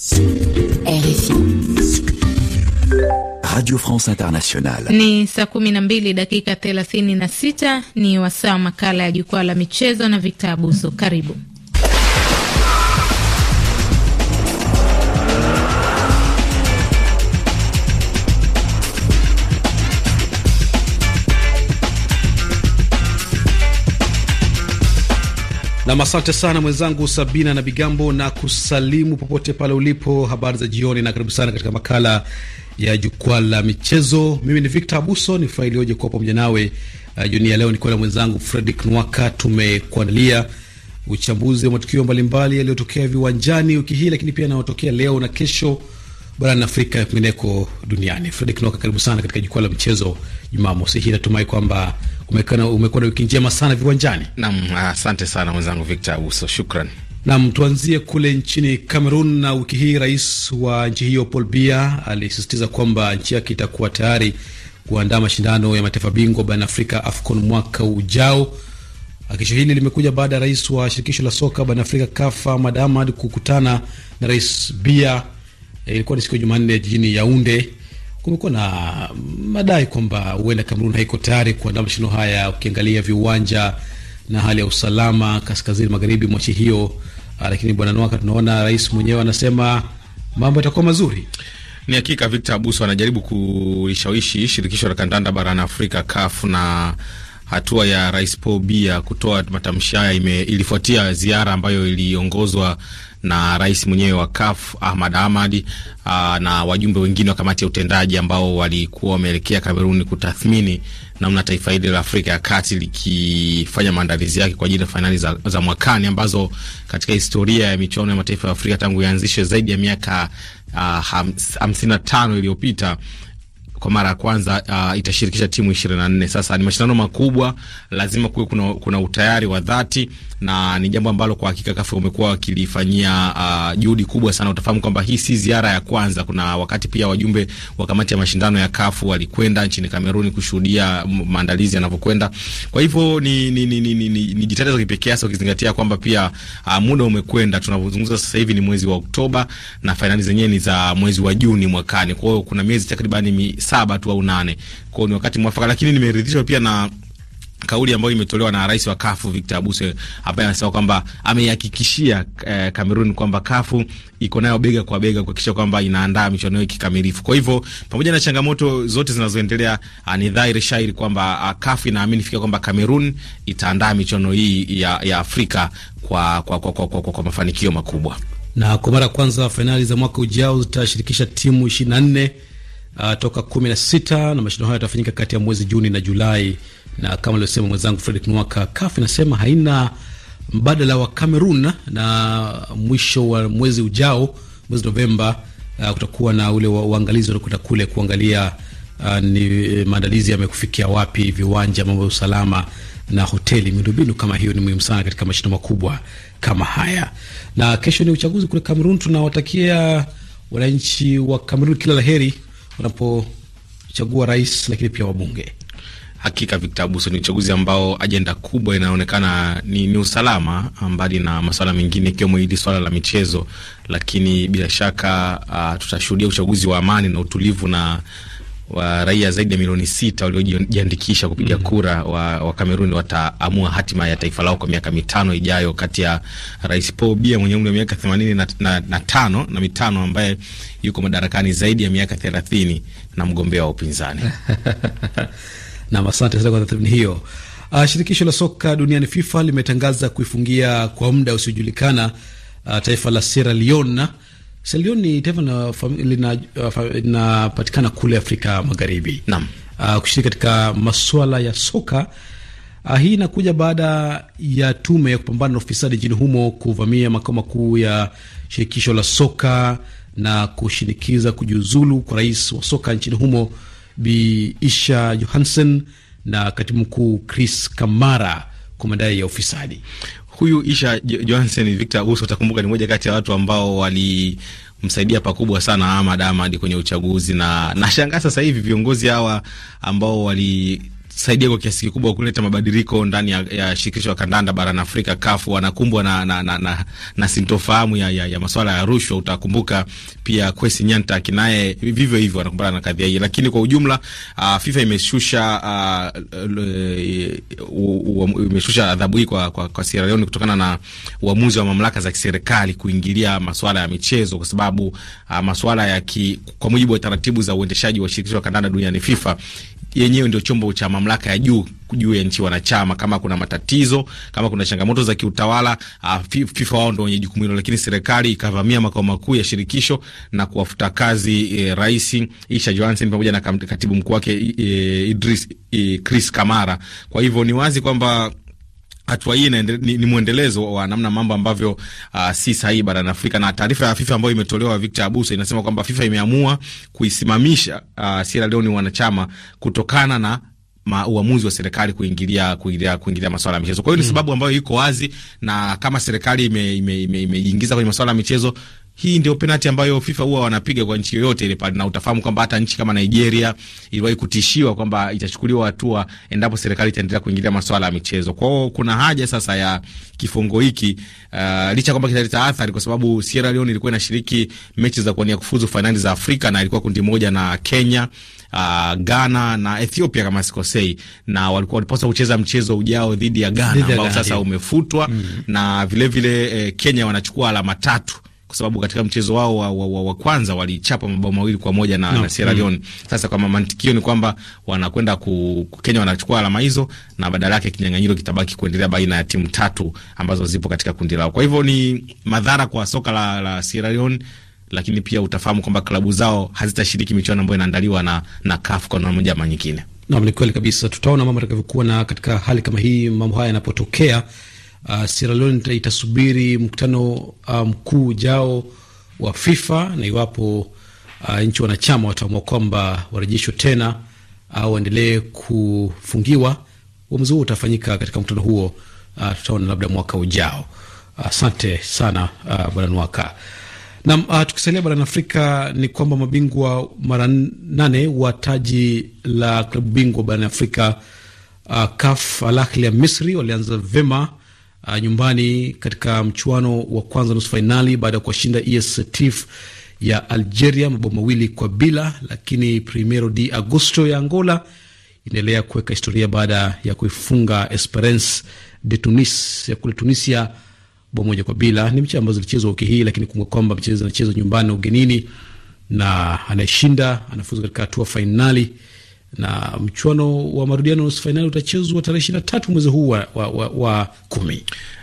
RFI Radio France Internationale. Ni saa kumi na mbili dakika thelathini na sita ni wasaa makala ya jukwaa la michezo na vitabu Abuso. Karibu. Nam, asante sana mwenzangu Sabina na Bigambo, na kusalimu popote pale ulipo. Habari za jioni na karibu sana katika makala ya jukwaa la michezo. Mimi ni Victor Abuso, ni furaha iliyoje kuwa pamoja nawe uh, jioni ya leo nikiwa na mwenzangu Fredrick Nwaka. Tumekuandalia uchambuzi wa matukio mbalimbali yaliyotokea viwanjani wiki hii, lakini pia yanayotokea leo na kesho barani Afrika na kwingineko duniani. Fredrick Nwaka, karibu sana katika jukwaa la michezo Jumamosi hii. Natumai kwamba umekuwa na wiki njema sana viwanjani. Naam, asante sana mwenzangu Victor Abuso, shukran. Nam, tuanzie kule nchini cameron Na wiki hii rais wa nchi hiyo Paul Biya alisisitiza kwamba nchi yake itakuwa tayari kuandaa mashindano ya mataifa bingwa barani Afrika, AFCON, mwaka ujao. Hakikisho hili limekuja baada ya rais wa shirikisho la soka barani Afrika, CAF, Ahmad Ahmad kukutana na rais Biya, ilikuwa ni siku ya Jumanne jijini Yaunde kumekuwa na madai kwamba huenda Kamerun haiko tayari kuandaa mashindano haya, ukiangalia viwanja na hali ya usalama kaskazini magharibi mwa nchi hiyo. Ah, lakini bwana Nwaka, tunaona rais mwenyewe anasema mambo yatakuwa mazuri. Ni hakika Victor Abuso anajaribu kulishawishi shirikisho la kandanda barani Afrika, CAF, na hatua ya rais Paul Biya kutoa matamshi haya ilifuatia ziara ambayo iliongozwa na rais mwenyewe wa CAF Ahmad Ahmad ah, na wajumbe wengine wa kamati ya utendaji ambao walikuwa wameelekea Kameruni kutathmini namna taifa hili la Afrika ya Kati likifanya maandalizi yake kwa ajili ya fainali za, za mwakani ambazo katika historia ya michuano ya mataifa ya Afrika tangu yaanzishwe zaidi ya miaka uh, hamsini na tano iliyopita kwa mara ya kwanza uh, itashirikisha timu 24. Sasa ni mashindano makubwa, lazima kuwe kuna, kuna utayari wa dhati na ni jambo ambalo kwa hakika kafu umekuwa wakilifanyia uh, juhudi kubwa sana. Utafahamu kwamba hii si ziara ya kwanza. Kuna wakati pia wajumbe wa kamati ya mashindano ya kafu walikwenda nchini Kameruni kushuhudia maandalizi yanavyokwenda. Kwa hivyo ni ni ni, ni, ni, ni, ni jitihada za kipekee hasa ukizingatia kwamba pia uh, muda umekwenda. Tunavyozungumza sasa hivi ni mwezi wa Oktoba na fainali zenyewe ni za mwezi wa Juni mwakani. Kwa hiyo kuna miezi takribani mi, saba tu au nane. Kwao ni wakati mwafaka, lakini nimeridhishwa pia na kauli ambayo imetolewa na rais wa Kafu Victor Abuse ambaye anasema kwamba ameihakikishia eh, Kamerun kwamba Kafu iko nayo bega kwa bega kuhakikisha kwamba inaandaa michuano hiyo kikamilifu. Kwa hivyo pamoja na changamoto zote zinazoendelea, ah, ni dhahiri shairi kwamba ah, Kafu inaamini fika kwamba Kamerun itaandaa michuano hii ya, ya Afrika kwa, kwa, kwa, kwa, kwa, kwa, kwa mafanikio makubwa, na kwa mara ya kwanza fainali za mwaka ujao zitashirikisha timu na nne uh, toka 16 na mashindano hayo yatafanyika kati ya mwezi Juni na Julai, na kama alivyosema mwenzangu Fredrick Nwaka, CAF inasema haina mbadala wa Cameroon, na mwisho wa mwezi ujao, mwezi Novemba, uh, kutakuwa na ule uangalizi utakuta kule kuangalia uh, ni eh, maandalizi yamekufikia wapi, viwanja, mambo ya usalama na hoteli. Miundombinu kama hiyo ni muhimu sana katika mashindano makubwa kama haya. Na kesho ni uchaguzi kule Cameroon, Tunawatakia wananchi wa Cameroon kila la heri unapochagua rais, lakini pia wabunge. Hakika Victor Abuso, ni uchaguzi ambao ajenda kubwa inaonekana ni, ni usalama, ah, mbali na masuala mengine ikiwemo hili swala la michezo, lakini bila shaka uh, tutashuhudia uchaguzi wa amani na utulivu na wa raia zaidi ya milioni sita waliojiandikisha kupiga mm -hmm. kura wa, wa Kameruni wataamua hatima ya taifa lao kwa miaka mitano ijayo, kati ya Rais Paul Biya mwenye umri wa miaka themanini na, na, na tano na mitano ambaye yuko madarakani zaidi ya miaka thelathini na mgombea wa upinzani nam. Asante sana kwa tathmini hiyo. Uh, shirikisho la soka duniani FIFA limetangaza kuifungia kwa muda usiojulikana uh, taifa la Sierra Leone Sierra Leone ni taifa uh, linapatikana kule Afrika Magharibi uh, kushiriki katika masuala ya soka uh, hii inakuja baada ya tume ya kupambana na ufisadi nchini humo kuvamia makao makuu ya shirikisho la soka na kushinikiza kujiuzulu kwa rais wa soka nchini humo Bi Isha Johansen na katibu mkuu Chris Kamara kwa madai ya ufisadi. Huyu Isha Johansen Victor uso utakumbuka ni moja kati ya watu ambao walimsaidia pakubwa sana Ahmad Ahmad kwenye uchaguzi, na nashangaa sasa hivi viongozi hawa ambao wali kusaidia kwa kiasi kikubwa kuleta mabadiliko ndani ya, ya shirikisho la kandanda barani Afrika Kafu Wanakumbwa na, na, na, na, na sintofahamu ya, ya, ya maswala ya rushwa. Utakumbuka pia Kwesi Nyanta kinaye vivyo hivyo wanakumbana na kadhia hii, lakini kwa ujumla uh, FIFA imeshusha uh, imeshusha adhabu hii kwa, kwa, kwa Sierra Leone kutokana na uamuzi wa mamlaka za kiserikali kuingilia maswala ya michezo kwa sababu uh, maswala ya ki, kwa mujibu wa taratibu za uendeshaji wa shirikisho la kandanda duniani FIFA yenyewe ndio chombo cha mamlaka mamlaka ya juu juu ya nchi wanachama, kama kuna matatizo, kama kuna changamoto za kiutawala, ah, FIFA wao ndio wenye jukumu hilo. Lakini serikali ikavamia makao makuu ya shirikisho na kuwafuta kazi e, rais Isha Johansen pamoja na katibu mkuu wake e, Idris e, Chris Kamara. Kwa hivyo ni wazi kwamba hatua hii ni, ni mwendelezo wa namna mambo ambavyo uh, si sahihi barani Afrika. Na taarifa ya FIFA ambayo imetolewa Victor Abuso inasema kwamba FIFA imeamua kuisimamisha uh, Sierra Leone wanachama kutokana na ma, uamuzi wa serikali kuingilia kuingilia, kuingilia masuala ya michezo. Kwa hiyo ni mm. sababu ambayo iko wazi, na kama serikali imeingiza ime, ime, ime kwenye masuala ya michezo hii ndio penati ambayo FIFA huwa wanapiga kwa nchi yoyote ile pale, na utafahamu kwamba hata nchi kama Nigeria iliwahi kutishiwa kwamba itachukuliwa hatua endapo serikali itaendelea kuingilia masuala ya michezo. Kwa hiyo kuna haja sasa ya kifungo hiki uh, licha kwamba kitaleta athari, kwa sababu Sierra Leone ilikuwa inashiriki mechi za kuania kufuzu fainali za Afrika na ilikuwa kundi moja na Kenya uh, Ghana na Ethiopia kama sikosei, na walikuwa walipaswa kucheza mchezo ujao dhidi ya Ghana ambao sasa umefutwa mm na vilevile vile, eh, Kenya wanachukua alama tatu kwa sababu katika mchezo wao wa, wa, wa, wa kwanza walichapa mabao mawili kwa moja na, no. na Sierra mm. Leone mm. Sasa kwa mantikio ni kwamba wanakwenda ku, Kenya wanachukua alama hizo na badala yake kinyang'anyiro kitabaki kuendelea baina ya timu tatu ambazo zipo katika kundi lao. Kwa hivyo ni madhara kwa soka la, la Sierra Leone lakini pia utafahamu kwamba klabu zao hazitashiriki michuano ambayo inaandaliwa na, na CAF kwa namna moja ama nyingine. Naam, ni kweli kabisa. Tutaona mambo yatakavyokuwa, na katika hali kama hii, mambo haya yanapotokea, uh, Sierra Leone itasubiri mkutano ah, mkuu um, ujao wa FIFA na iwapo uh, nchi wanachama wataamua kwamba warejeshwe tena au uh, waendelee kufungiwa, uamuzi huo utafanyika katika mkutano huo. Uh, tutaona labda mwaka ujao. Asante uh, sana uh, bwana Nwaka. Nam uh, ah, tukisalia barani Afrika ni kwamba mabingwa mara nane wa taji la klabu bingwa barani Afrika uh, CAF Al Ahly ya Misri walianza vema uh, ah, nyumbani katika mchuano wa kwanza nusu fainali baada ya kuwashinda ES Tif ya Algeria mabao mawili kwa bila, lakini Primero de Agosto ya Angola inaendelea kuweka historia baada ya kuifunga Esperance de Tunis ya kule Tunisia bao moja kwa bila. Ni mechi ambazo zilichezwa wiki hii, lakini kumbuka kwamba mchezo anachezwa nyumbani na ugenini, na anayeshinda anafuzu katika hatua fainali, na mchuano wa marudiano nusu fainali utachezwa tarehe ishirini na tatu mwezi huu wa, wa, wa, wa kumi.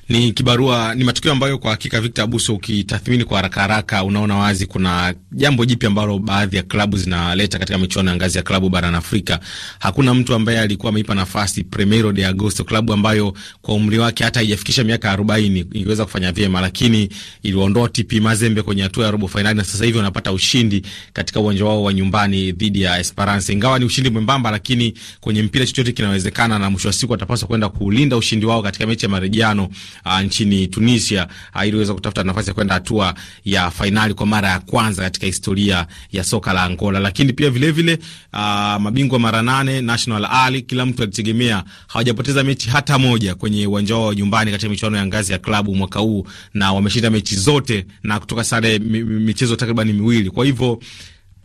Ni kibarua, ni matukio ambayo kwa hakika, Victor Abuso, ukitathmini kwa haraka haraka, unaona wazi kuna jambo jipya ambalo baadhi ya klabu zinaleta katika michuano ya ngazi ya klabu barani Afrika. Hakuna mtu ambaye alikuwa ameipa nafasi Primeiro de Agosto, klabu ambayo kwa umri wake hata haijafikisha miaka 40 ingeweza kufanya vyema, lakini iliondoa TP Mazembe kwenye hatua ya robo fainali na sasa hivi wanapata ushindi katika uwanja wao wa nyumbani dhidi ya Esperance. Ingawa ni ushindi mwembamba, lakini kwenye mpira chochote kinawezekana, na mwisho wa siku watapaswa kwenda kuulinda ushindi wao katika mechi ya marejeano uh, nchini Tunisia uh, ah, ili uweza kutafuta nafasi ya kwenda hatua ya fainali kwa mara ya kwanza katika historia ya soka la Angola. Lakini pia vilevile vile, uh, mabingwa mara nane National Ali, kila mtu alitegemea, hawajapoteza mechi hata moja kwenye uwanja wao nyumbani katika michuano ya ngazi ya klabu mwaka huu, na wameshinda mechi zote na kutoka sare michezo takriban miwili. Kwa hivyo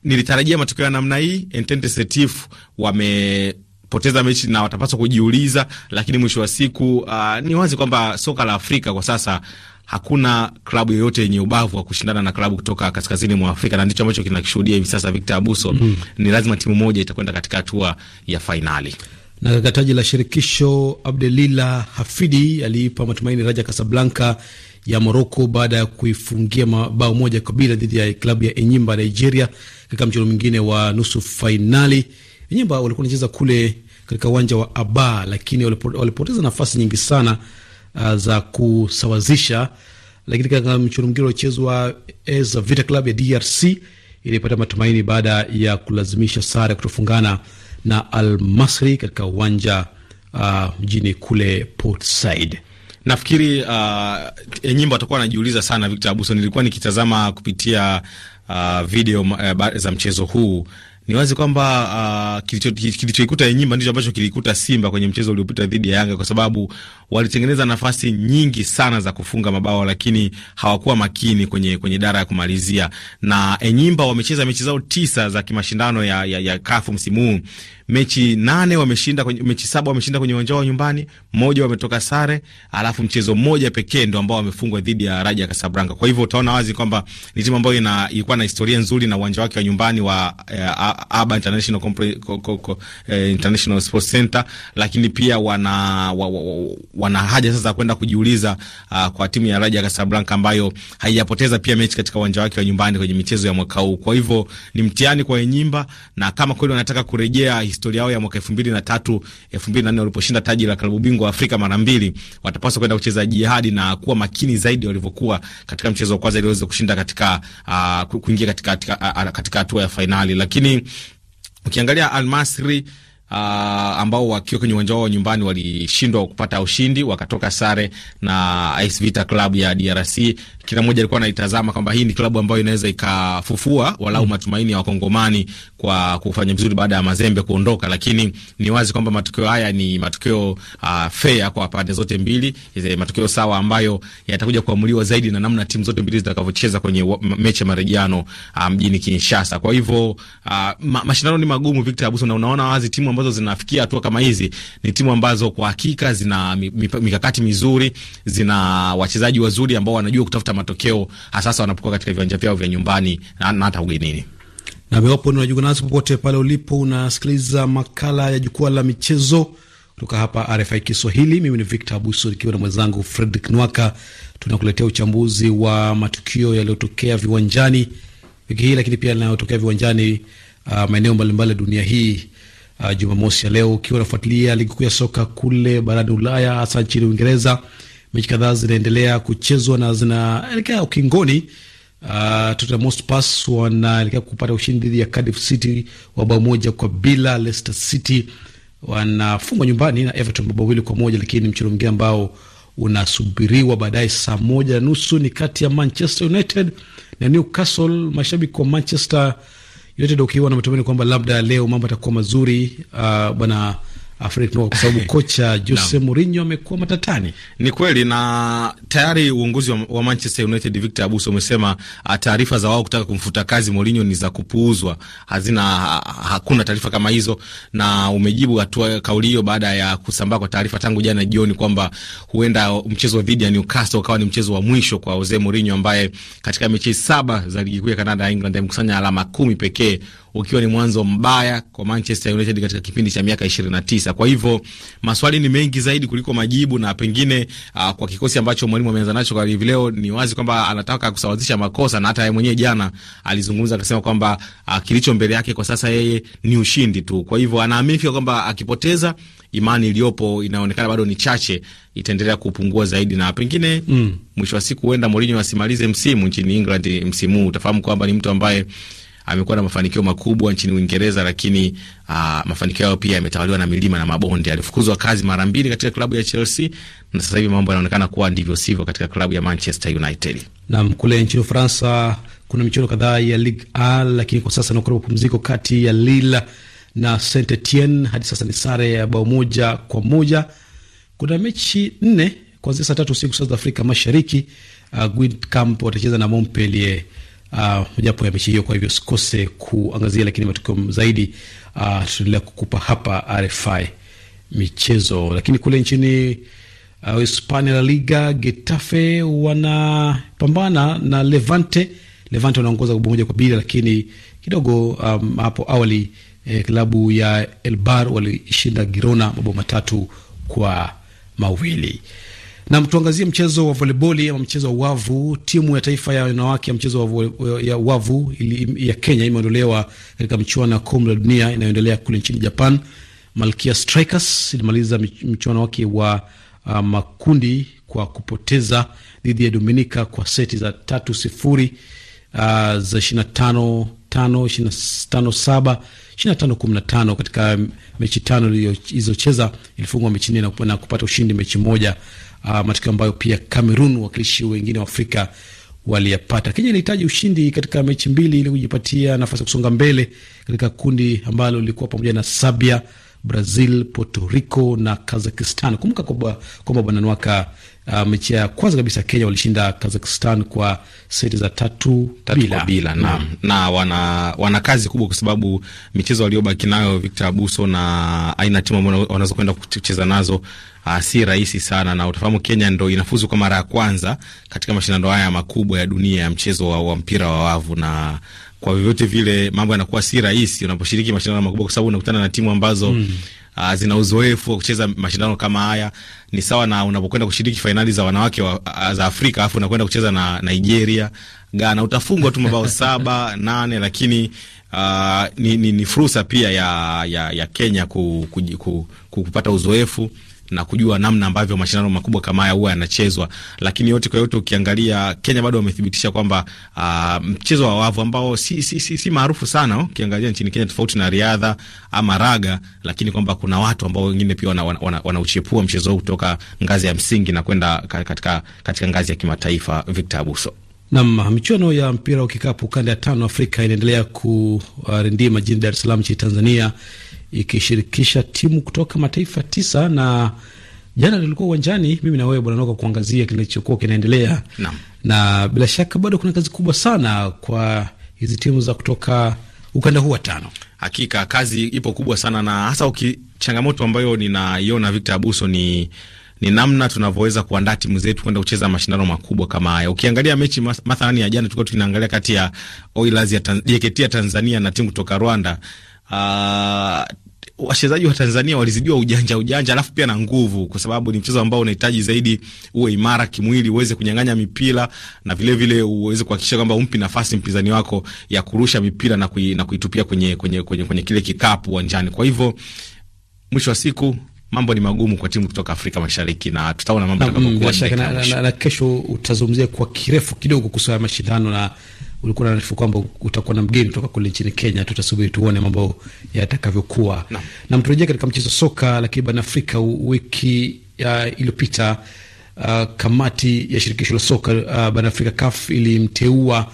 nilitarajia matokeo ya namna hii. Entente Setif wame kupoteza mechi na watapaswa kujiuliza, lakini mwisho wa siku uh, ni wazi kwamba soka la Afrika kwa sasa hakuna klabu yoyote yenye ubavu wa kushindana na klabu kutoka kaskazini mwa Afrika, na ndicho ambacho kinakishuhudia hivi sasa Victor Abuso. mm -hmm. Ni lazima timu moja itakwenda katika hatua ya fainali. Na katika taji la shirikisho, Abdelila Hafidi aliipa matumaini Raja Kasablanka ya Moroko baada ya kuifungia mabao moja kwa bila dhidi ya klabu ya Enyimba Nigeria katika mchezo mwingine wa nusu fainali. Enyimba walikuwa wanacheza kule katika uwanja wa Aba, lakini walipoteza nafasi nyingi sana uh, za kusawazisha. Lakini katika mchuano mwingine uliochezwa AS Vita Club ya DRC ilipata matumaini baada ya kulazimisha sare kutofungana na Al Masri katika uwanja uh, mjini kule Port Said. Nafikiri uh, e, nyimbo atakuwa anajiuliza sana Victor Abuso. Nilikuwa nikitazama kupitia uh, video uh, za mchezo huu ni wazi kwamba uh, ah, kilichokikuta Enyimba ndicho ambacho kilikuta Simba kwenye mchezo uliopita dhidi ya Yanga, kwa sababu walitengeneza nafasi nyingi sana za kufunga mabao, lakini hawakuwa makini kwenye, kwenye dara ya kumalizia. Na Enyimba wamecheza mechi zao tisa za kimashindano ya, ya, ya kafu msimu huu mechi nane wameshinda kwenye, mechi saba wameshinda kwenye uwanja wao nyumbani, moja wametoka sare, alafu mchezo mmoja pekee ndo ambao wamefungwa dhidi ya Raja Kasabranga. Kwa hivyo utaona wazi kwamba ni timu ambayo ina ilikuwa na historia nzuri na uwanja wake wa nyumbani wa eh, Aba International Compre, ko, ko, ko, eh, International Sports Center, lakini pia wana wa, wa, wa, wana haja sasa kwenda kujiuliza uh, kwa timu ya Raja Casablanca ambayo haijapoteza pia mechi katika uwanja wake wa nyumbani kwenye michezo ya mwaka huu. Kwa hivyo ni mtihani kwa Enyimba, na kama kweli wanataka kurejea historia yao ya mwaka 2003 2004 waliposhinda taji la klabu bingwa Afrika mara mbili, watapaswa kwenda kucheza jihadi na kuwa makini zaidi walivyokuwa katika mchezo wa kwanza ili waweze kushinda katika uh, kuingia katika katika uh, uh, hatua ya fainali, lakini ukiangalia Almasri uh, ambao wakiwa kwenye uwanja wao nyumbani walishindwa kupata ushindi, wakatoka sare na AS Vita Club ya DRC. Kila mmoja alikuwa anaitazama kwamba hii ni klabu ambayo inaweza ikafufua walau mm. matumaini ya wakongomani kwa kufanya vizuri baada ya Mazembe kuondoka, lakini ni wazi kwamba matokeo haya ni matokeo uh, ah, fair kwa pande zote mbili, matokeo sawa ambayo yatakuja kuamuliwa zaidi na namna timu zote mbili zitakavyocheza kwenye mechi ya marejeano ah, mjini um, Kinshasa. Kwa hivyo uh, ma mashindano ni magumu, Victor Abuso, na unaona wazi timu ambazo zinafikia hatua kama hizi ni timu ambazo kwa hakika zina mikakati mizuri, zina wachezaji wazuri ambao wanajua kutafuta matokeo hasa wanapokuwa katika viwanja vyao vya nyumbani na hata ugenini. Na mewapo unajiunga nasi popote pale ulipo, unasikiliza makala ya jukwaa la michezo kutoka hapa RFI Kiswahili. Mimi ni Victor Abuso nikiwa na mwenzangu Fredrick Nwaka, tunakuletea uchambuzi wa matukio yaliyotokea viwanjani wiki hii, lakini pia yanayotokea viwanjani uh, maeneo mbalimbali ya dunia hii uh, Jumamosi ya leo, ukiwa unafuatilia ligi kuu ya soka kule barani Ulaya, hasa nchini Uingereza. Mechi kadhaa zinaendelea kuchezwa na zinaelekea ukingoni. Uh, Tottenham Hotspur wanaelekea kupata ushindi dhidi ya Cardiff City wa bao moja kwa bila. Leicester City wanafungwa nyumbani na Everton kwa moja, lakini mchezo mwingine ambao unasubiriwa baadaye saa moja na nusu ni kati ya Manchester United na Newcastle. Mashabiki wa Manchester yote, ndio ukiwa na matumaini kwamba labda leo mambo yatakuwa mazuri. Uh, bwana Afrika kwa sababu kocha Jose Mourinho amekuwa matatani. Ni kweli, na tayari uongozi wa, Manchester United Victor Abuso umesema ah, taarifa za wao kutaka kumfuta kazi Mourinho ni za kupuuzwa, hazina hakuna taarifa kama hizo, na umejibu hatua kauli hiyo baada ya kusambaa kwa taarifa tangu jana jioni kwamba huenda mchezo dhidi ya Newcastle ukawa ni mchezo wa mwisho kwa Jose Mourinho ambaye katika mechi saba za ligi kuu ya Kanada ya England amekusanya alama kumi pekee ukiwa ni mwanzo mbaya kwa Manchester United katika kipindi cha miaka 29. Kwa hivyo maswali ni mengi zaidi kuliko majibu, na pengine uh, kwa kikosi ambacho mwalimu ameanza nacho kwa hivi leo, ni wazi kwamba anataka kusawazisha makosa, na hata yeye mwenyewe jana alizungumza akasema kwamba uh, kilicho mbele yake kwa sasa yeye ni ushindi tu. Kwa hivyo anaamini kwamba akipoteza imani iliyopo inaonekana bado ni chache, itaendelea kupungua zaidi na pengine mm. mwisho mm. wa siku huenda Mourinho asimalize msimu nchini England msimu. huu. Utafahamu kwamba ni mtu ambaye amekuwa na mafanikio makubwa nchini Uingereza, lakini uh, mafanikio yao pia yametawaliwa na milima na mabonde. Alifukuzwa kazi mara mbili katika klabu ya Chelsea na sasa hivi mambo yanaonekana kuwa ndivyo sivyo katika klabu ya Manchester United. Naam, kule nchini Ufaransa kuna michezo kadhaa ya Ligue 1 lakini kwa sasa nakuwa mapumziko kati ya Lille na Saint Etienne. Hadi sasa ni sare ya bao moja kwa moja. Kuna mechi nne kuanzia saa tatu usiku saa za Afrika Mashariki. Uh, ah, Guingamp watacheza na Montpellier uh, ya mechi hiyo. Kwa hivyo sikose kuangazia, lakini matukio zaidi uh, tutaendelea kukupa hapa RFI michezo. Lakini kule nchini ah, Hispania, uh, La Liga, Getafe wanapambana na Levante. Levante wanaongoza bao moja kwa bila, lakini kidogo um, hapo awali eh, klabu ya Elbar walishinda Girona mabao matatu kwa mawili. Na mtuangazie mchezo wa voleboli ama mchezo wa wavu. Timu ya taifa ya wanawake ya mchezo wa ya wavu ili, ya Kenya imeondolewa katika mchuano wa kombe la dunia inayoendelea kule nchini Japan. Malkia Strikers ilimaliza mchuano wake wa uh, makundi kwa kupoteza dhidi ya Dominica kwa seti za tatu sifuri, uh, za 25 tano, 25 saba, 25 15. Katika mechi tano ilizocheza ilifungwa mechi nne na kupata ushindi mechi moja uh, ah, matokeo ambayo pia Cameroon, wakilishi wengine wa Afrika, waliyapata. Kenya inahitaji ushindi katika mechi mbili ili kujipatia nafasi ya kusonga mbele katika kundi ambalo lilikuwa pamoja na Serbia, Brazil, Puerto Rico na kazakistan Kumbuka kwamba Bwana Nwaka Uh, mechi ya kwanza kabisa Kenya walishinda Kazakhstan kwa seti za tatu, tatu bila, bila na, mm. na wana, wana kazi kubwa kwa sababu michezo waliobaki nayo Victor Abuso na aina timu ambao wanaweza kwenda kucheza nazo Uh, si rahisi sana na utafahamu Kenya ndo inafuzu kwa mara ya kwanza katika mashindano haya makubwa ya dunia ya mchezo wa, wa mpira wa wavu, na kwa vyovyote vile mambo yanakuwa si rahisi unaposhiriki mashindano makubwa, kwa sababu unakutana na timu ambazo mm uh, zina uzoefu wa kucheza mashindano kama haya. Ni sawa na unapokwenda kushiriki fainali za wanawake wa, za Afrika afu unakwenda kucheza na Nigeria, Ghana, utafungwa tu mabao saba nane, lakini uh, ni, ni, ni fursa pia ya, ya, ya Kenya ku, ku, ku, ku, kupata uzoefu na kujua namna ambavyo mashindano makubwa kama haya huwa yanachezwa. Lakini yote kwa yote, ukiangalia Kenya bado wamethibitisha kwamba uh, mchezo wa wavu ambao si, si, si, si maarufu sana ukiangalia nchini Kenya, tofauti na riadha ama raga, lakini kwamba kuna watu ambao wengine pia wanauchepua wana, wana mchezo huu kutoka ngazi ya msingi na kwenda katika, katika ngazi ya kimataifa. Victor Abuso. Nam, michuano ya mpira wa kikapu kanda ya tano Afrika inaendelea kurindima ah, jijini Dar es Salaam nchini Tanzania ikishirikisha timu kutoka mataifa tisa na jana nilikuwa uwanjani mimi na wewe Bwana Noka kuangazia kilichokuwa kinaendelea na, na bila shaka bado kuna kazi kubwa sana kwa hizi timu za kutoka ukanda huu wa tano. Hakika kazi ipo kubwa sana, na hasa uki, changamoto ambayo ninaiona Victor Abuso ni ni namna tunavyoweza kuandaa timu zetu kwenda kucheza mashindano makubwa kama haya. Ukiangalia mechi mathalani ya jana, tulikuwa tunaangalia kati ya Oilers ya JKT ya Tanzania na timu kutoka Rwanda. Uh, wachezaji wa Tanzania walizidiwa ujanja ujanja, alafu pia na nguvu, kwa sababu ni mchezo ambao unahitaji zaidi uwe imara kimwili, uweze kunyang'anya mipira na vilevile uweze kuhakikisha kwamba umpi nafasi mpinzani wako ya kurusha mipira na, kui, na kuitupia kwenye, kwenye, kwenye, kwenye kile kikapu uwanjani. Kwa hivyo mwisho wa siku mambo ni magumu kwa timu kutoka Afrika Mashariki na tutaona mambo na, na, na, na, na kesho utazungumzia kwa kirefu kidogo kuhusu mashindano na ulikuwa na arifu kwamba utakuwa na mgeni kutoka kule nchini Kenya. Tutasubiri tuone mambo yatakavyokuwa. Na, na mturejea katika mchezo soka, lakini barani Afrika wiki iliyopita uh, kamati ya shirikisho la soka uh, barani Afrika CAF ilimteua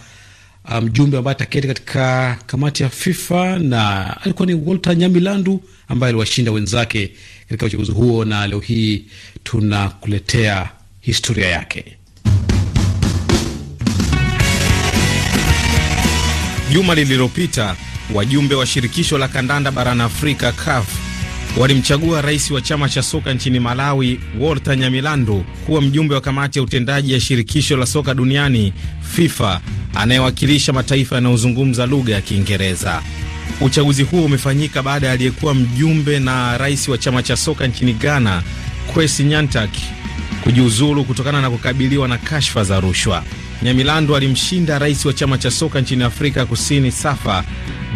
uh, mjumbe um, ambaye ataketi katika kamati ya FIFA na alikuwa ni Walter Nyamilandu ambaye aliwashinda wenzake katika uchaguzi huo, na leo hii tunakuletea historia yake. Juma lililopita wajumbe wa shirikisho la kandanda barani Afrika CAF walimchagua rais wa chama cha soka nchini Malawi Walter Nyamilandu kuwa mjumbe wa kamati ya utendaji ya shirikisho la soka duniani FIFA anayewakilisha mataifa yanayozungumza lugha ya Kiingereza. Uchaguzi huo umefanyika baada ya aliyekuwa mjumbe na rais wa chama cha soka nchini Ghana Kwesi Nyantak kujiuzulu kutokana na kukabiliwa na kashfa za rushwa. Nyamilandu alimshinda rais wa chama cha soka nchini Afrika Kusini SAFA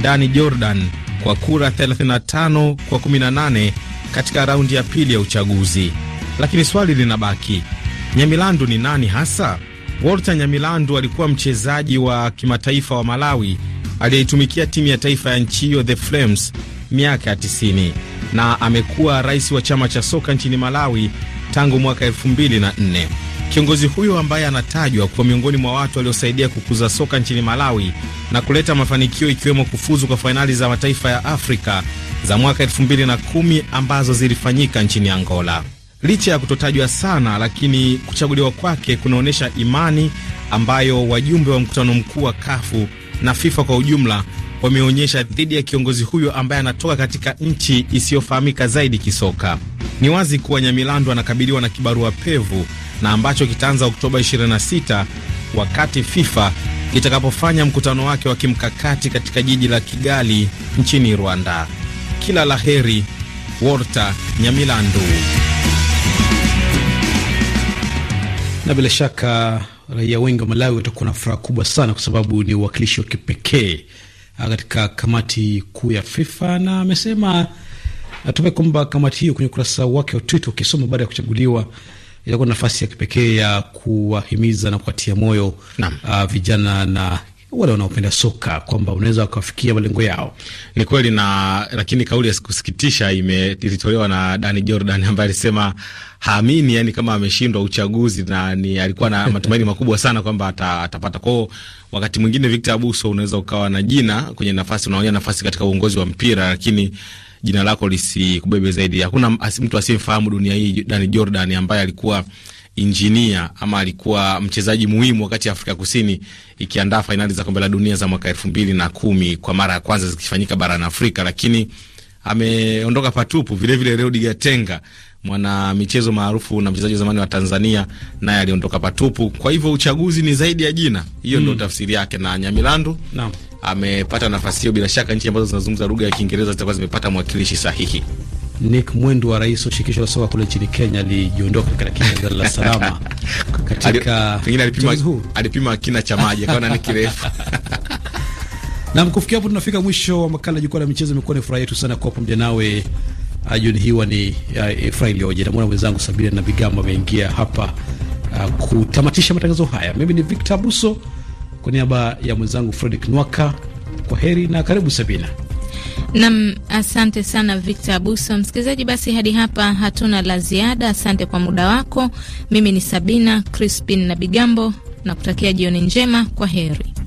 Dani Jordan kwa kura 35 kwa 18 katika raundi ya pili ya uchaguzi. Lakini swali linabaki, Nyamilandu ni nani hasa? Walter Nyamilandu alikuwa mchezaji wa kimataifa wa Malawi aliyeitumikia timu ya taifa ya nchi hiyo The Flames miaka ya 90 na amekuwa rais wa chama cha soka nchini Malawi tangu mwaka 2004. Kiongozi huyo ambaye anatajwa kuwa miongoni mwa watu waliosaidia kukuza soka nchini Malawi na kuleta mafanikio ikiwemo kufuzu kwa fainali za mataifa ya Afrika za mwaka 2010 ambazo zilifanyika nchini Angola. Licha ya kutotajwa sana, lakini kuchaguliwa kwake kunaonyesha imani ambayo wajumbe wa mkutano mkuu wa Kafu na FIFA kwa ujumla wameonyesha dhidi ya kiongozi huyo ambaye anatoka katika nchi isiyofahamika zaidi kisoka. Ni wazi kuwa Nyamilandu anakabiliwa na kibarua pevu na ambacho kitaanza Oktoba 26 wakati FIFA kitakapofanya mkutano wake wa kimkakati katika jiji la Kigali nchini Rwanda. Kila la heri, Walter Nyamilandu. Na bila shaka raia wengi wa Malawi watakuwa na furaha kubwa sana, kwa sababu ni uwakilishi wa kipekee ah, katika kamati kuu ya FIFA, na amesema natumai kwamba kamati hiyo kwenye ukurasa wake wa Twitter ukisoma baada ya kuchaguliwa itakuwa nafasi ya kipekee ya kuwahimiza na kuwatia moyo uh, vijana na wale wanaopenda soka kwamba unaweza wakafikia malengo yao. Ni kweli na lakini kauli ya kusikitisha ilitolewa na Dani Jordan ambaye alisema haamini yani kama ameshindwa uchaguzi na ni alikuwa na matumaini makubwa sana kwamba atapata kwao. Wakati mwingine Victor Abuso, unaweza ukawa na jina kwenye nafasi, unaonya nafasi katika uongozi wa mpira lakini jina lako lisikubebe zaidi. Hakuna mtu asiyemfahamu dunia hii Dani Jordan ambaye alikuwa injinia ama alikuwa mchezaji muhimu wakati ya Afrika Kusini ikiandaa fainali za kombe la dunia za mwaka elfu mbili na kumi kwa mara ya kwanza zikifanyika barani Afrika, lakini ameondoka patupu. Vilevile Reudi Gatenga, mwana michezo maarufu na mchezaji wa zamani wa Tanzania, naye aliondoka patupu. Kwa hivyo uchaguzi ni zaidi ya jina, hiyo mm, ndo tafsiri yake. Na Nyamilandu naam amepata nafasi hiyo, bila shaka nchi ambazo zinazungumza lugha ya Kiingereza zitakuwa zimepata mwakilishi sahihi. Nick Mwendo wa rais wa shirikisho la soka kule nchini Kenya alijiondoa katika kinyang'anyiro la salama katika pengine alipima, alipima kina cha maji akaona ni kirefu. Na kufikia hapo tunafika mwisho wa makala jukwaa la michezo. Imekuwa ni furaha yetu sana kuwa pamoja nawe jioni hii. Ni eh, Efraim Lioje na mwana mwenzangu Sabina na Bigamba ameingia hapa uh, kutamatisha matangazo haya. Mimi ni Victor Buso kwa niaba ya mwenzangu Fredrick Nwaka, kwa heri na karibu Sabina. Nam, asante sana Victor Abuso. Msikilizaji, basi hadi hapa hatuna la ziada. Asante kwa muda wako. Mimi ni Sabina Crispin na Bigambo, nakutakia jioni njema. Kwa heri.